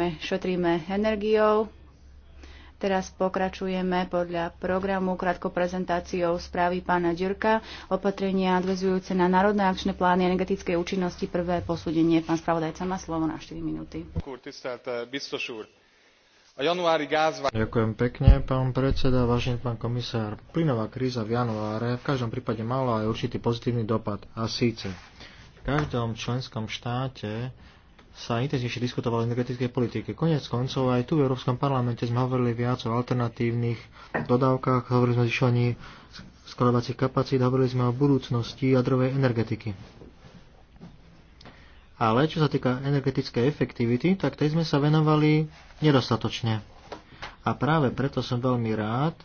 šetríme energiou. Teraz pokračujeme podľa programu krátko prezentáciou správy pána Ďurka. Opatrenia advezujúce na národné akčné plány energetickej účinnosti. Prvé posúdenie. Pán spravodajca má slovo na 4 minúty. Eh, Ďakujem pekne, pán predseda, vážený pán komisár. Plynová kríza v januáre v každom prípade mala aj určitý pozitívny dopad. A síce v každom členskom štáte sa intenzívnejšie diskutovalo o energetickej politike. Konec koncov aj tu v Európskom parlamente sme hovorili viac o alternatívnych dodávkach, hovorili sme o zvyšovaní skladovacích kapacít, hovorili sme o budúcnosti jadrovej energetiky. Ale čo sa týka energetickej efektivity, tak tej sme sa venovali nedostatočne. A práve preto som veľmi rád,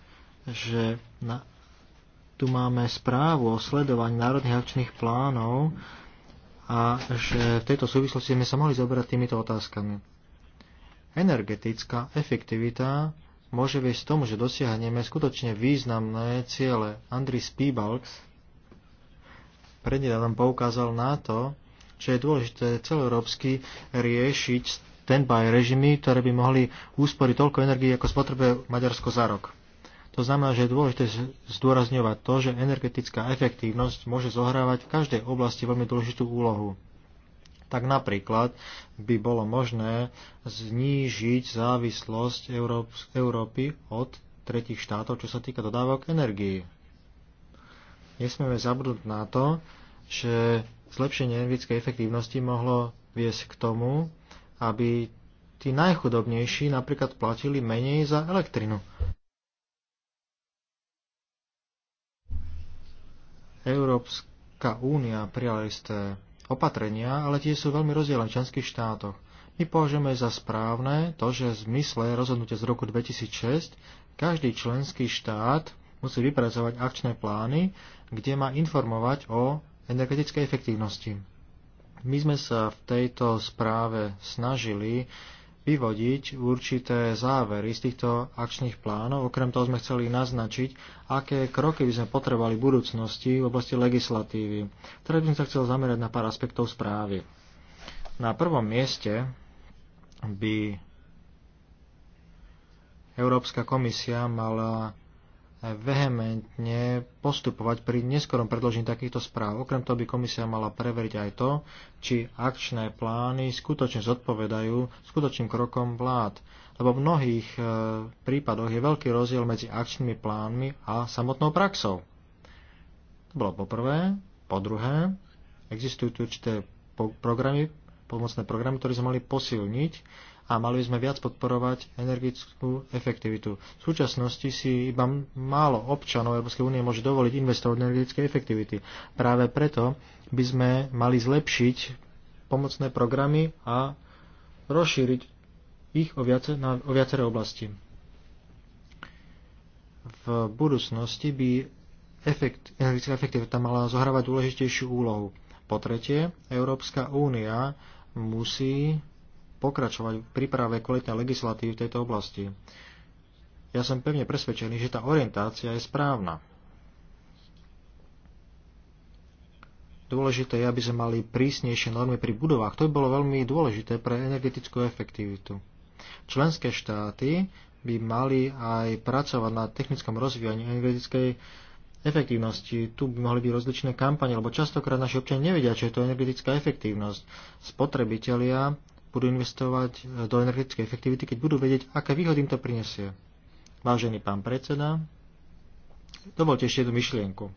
že na, tu máme správu o sledovaní národných akčných plánov a že v tejto súvislosti sme sa mohli zobrať týmito otázkami. Energetická efektivita môže viesť tomu, že dosiahneme skutočne významné ciele. Andri Spiebalks prednedávnom poukázal na to, že je dôležité celoeurópsky riešiť stand-by režimy, ktoré by mohli úsporiť toľko energie, ako spotrebuje Maďarsko za rok. To znamená, že je dôležité zdôrazňovať to, že energetická efektívnosť môže zohrávať v každej oblasti veľmi dôležitú úlohu. Tak napríklad by bolo možné znížiť závislosť Európy od tretich štátov, čo sa týka dodávok energii. Nesmieme zabudnúť na to, že zlepšenie energetickej efektívnosti mohlo viesť k tomu, aby tí najchudobnejší napríklad platili menej za elektrinu. Európska únia prijala isté opatrenia, ale tie sú veľmi rozdielne v členských štátoch. My považujeme za správne to, že v zmysle rozhodnutia z roku 2006 každý členský štát musí vypracovať akčné plány, kde má informovať o energetickej efektívnosti. My sme sa v tejto správe snažili vyvodiť určité závery z týchto akčných plánov. Okrem toho sme chceli naznačiť, aké kroky by sme potrebovali v budúcnosti v oblasti legislatívy. Teraz by som sa chcel zamerať na pár aspektov správy. Na prvom mieste by Európska komisia mala vehementne postupovať pri neskorom predložení takýchto správ. Okrem toho by komisia mala preveriť aj to, či akčné plány skutočne zodpovedajú skutočným krokom vlád. Lebo v mnohých e, prípadoch je veľký rozdiel medzi akčnými plánmi a samotnou praxou. To bolo poprvé. Po druhé, existujú tu určité programy, pomocné programy, ktoré sme mali posilniť a mali by sme viac podporovať energetickú efektivitu. V súčasnosti si iba málo občanov Európskej únie môže dovoliť investovať do energetickej efektivity. Práve preto by sme mali zlepšiť pomocné programy a rozšíriť ich o, viace, na, o viaceré oblasti. V budúcnosti by efekt, energetická efektivita mala zohrávať dôležitejšiu úlohu. Po tretie, Európska únia musí pokračovať v príprave kvalitnej legislatívy v tejto oblasti. Ja som pevne presvedčený, že tá orientácia je správna. Dôležité je, aby sme mali prísnejšie normy pri budovách. To by bolo veľmi dôležité pre energetickú efektivitu. Členské štáty by mali aj pracovať na technickom rozvíjaní energetickej efektívnosti. Tu by mohli byť rozličné kampane, lebo častokrát naši občania nevedia, čo je to energetická efektívnosť. Spotrebitelia budú investovať e, do energetickej efektivity, keď budú vedieť, aké výhody im to prinesie. Vážený pán predseda, dovolte ešte jednu myšlienku.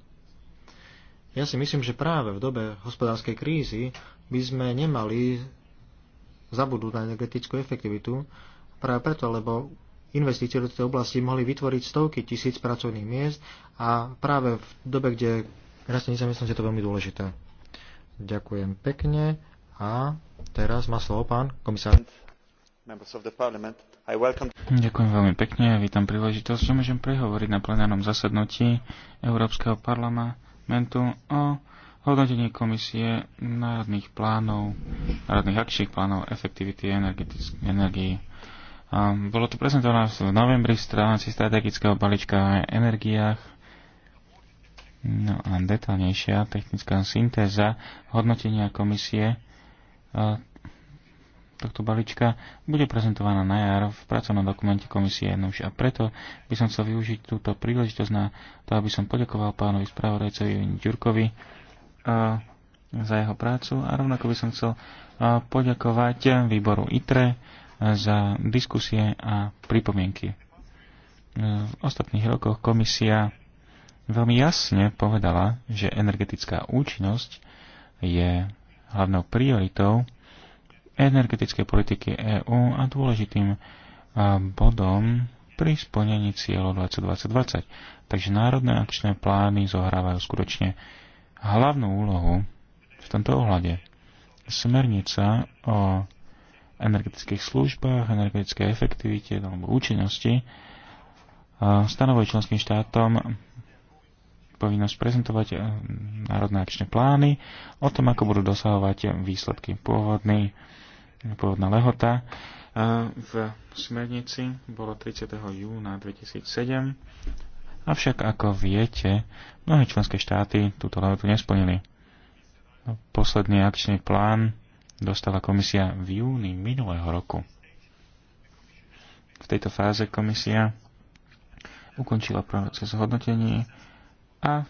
Ja si myslím, že práve v dobe hospodárskej krízy by sme nemali zabudnúť na energetickú efektivitu, práve preto, lebo investície do tejto oblasti mohli vytvoriť stovky tisíc pracovných miest a práve v dobe, kde rastie nezamestnanosť, je to veľmi dôležité. Ďakujem pekne. A teraz má slovo pán komisár. Ďakujem veľmi pekne a vítam príležitosť, že môžem prehovoriť na plenárnom zasadnutí Európskeho parlamentu o hodnotení komisie národných plánov, národných akčných plánov efektivity energii. bolo to prezentované v novembri v rámci strategického balíčka o energiách. No a detálnejšia technická syntéza hodnotenia komisie tohto balíčka bude prezentovaná na jar v pracovnom dokumente komisie Nuž. A preto by som chcel využiť túto príležitosť na to, aby som poďakoval pánovi spravodajcovi Ďurkovi za jeho prácu a rovnako by som chcel poďakovať výboru ITRE za diskusie a pripomienky. V ostatných rokoch komisia veľmi jasne povedala, že energetická účinnosť je hlavnou prioritou energetickej politiky EÚ a dôležitým bodom pri splnení cieľov 2020. Takže národné akčné plány zohrávajú skutočne hlavnú úlohu v tomto ohľade. Smernica o energetických službách, energetickej efektivite alebo účinnosti stanovuje členským štátom povinnosť prezentovať eh, národné akčné plány o tom, ako budú dosahovať eh, výsledky. Pôvodný, pôvodná lehota eh, v smernici bolo 30. júna 2007, avšak ako viete, mnohé členské štáty túto lehotu nesplnili. No, posledný akčný plán dostala komisia v júni minulého roku. V tejto fáze komisia ukončila proces hodnotenia a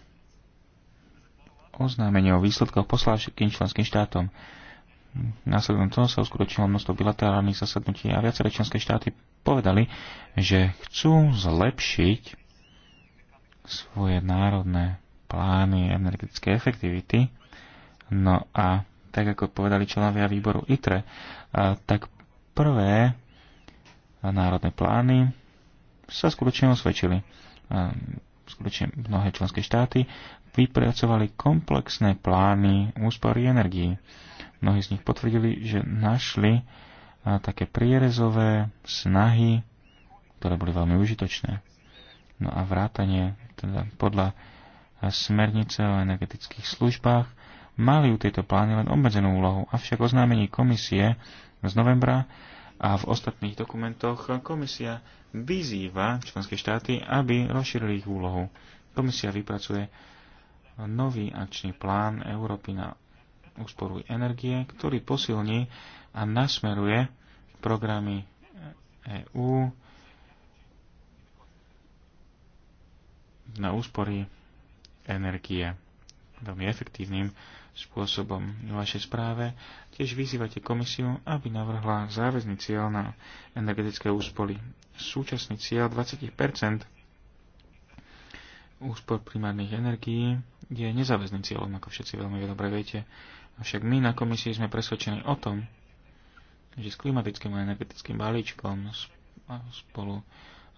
oznámenie o výsledkoch všetkým členským štátom. Následom toho sa uskutočnilo množstvo bilaterálnych zasadnutí a viaceré členské štáty povedali, že chcú zlepšiť svoje národné plány energetickej efektivity. No a tak ako povedali členovia výboru ITRE, tak prvé národné plány sa skutočne osvedčili skutočne mnohé členské štáty vypracovali komplexné plány úspory energií. Mnohí z nich potvrdili, že našli také prierezové snahy, ktoré boli veľmi užitočné. No a vrátanie teda podľa smernice o energetických službách mali u tejto plány len obmedzenú úlohu, avšak oznámení komisie z novembra a v ostatných dokumentoch komisia vyzýva členské štáty, aby rozšírili ich úlohu. Komisia vypracuje nový akčný plán Európy na úsporu energie, ktorý posilní a nasmeruje programy EÚ na úspory energie veľmi efektívnym spôsobom. V vašej správe tiež vyzývate komisiu, aby navrhla záväzný cieľ na energetické úspory. Súčasný cieľ 20 úspor primárnych energií je nezáväzným cieľom, ako všetci veľmi dobre viete. Avšak my na komisii sme presvedčení o tom, že s klimatickým a energetickým balíčkom spolu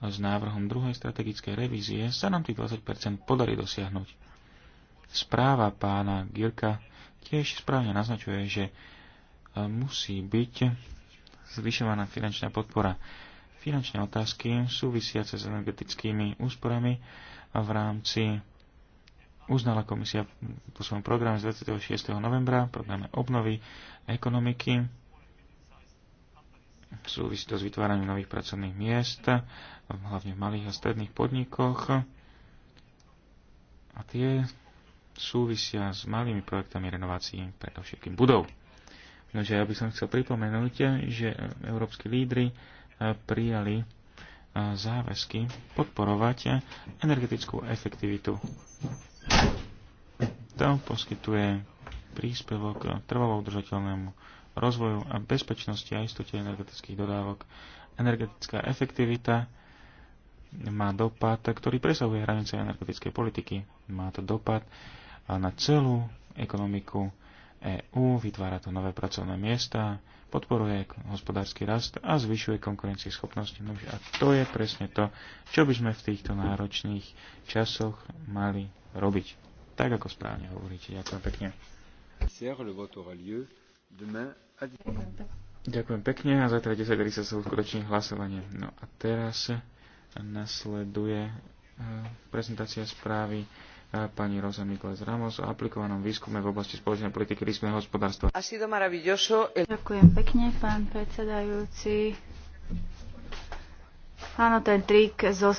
s návrhom druhej strategickej revízie sa nám tých 20 podarí dosiahnuť správa pána Girka tiež správne naznačuje, že e, musí byť zvyšovaná finančná podpora. Finančné otázky súvisiace s energetickými úsporami a v rámci uznala komisia po svojom programe z 26. novembra, programe obnovy ekonomiky, súvisí to s vytváraním nových pracovných miest, hlavne v malých a stredných podnikoch. A tie súvisia s malými projektami renovácií, predovšetkým budov. Nože ja by som chcel pripomenúť, že európsky lídry eh, prijali eh, záväzky podporovať energetickú efektivitu. To poskytuje príspevok trvalo udržateľnému rozvoju a bezpečnosti a istote energetických dodávok. Energetická efektivita má dopad, ktorý presahuje hranice energetickej politiky. Má to dopad na celú ekonomiku EÚ, vytvára to nové pracovné miesta, podporuje hospodársky rast a zvyšuje konkurencie schopnosti. a to je presne to, čo by sme v týchto náročných časoch mali robiť. Tak ako správne hovoríte. Ďakujem pekne. Ďakujem pekne a zajtra 10.30 sa uskutoční hlasovanie. No a teraz nasleduje eh, prezentácia správy pani Rosa Mikles Ramos o aplikovanom výskume v oblasti spoločnej politiky rýsmeho hospodárstva. Ďakujem pekne, pán predsedajúci. Áno, ten trik zo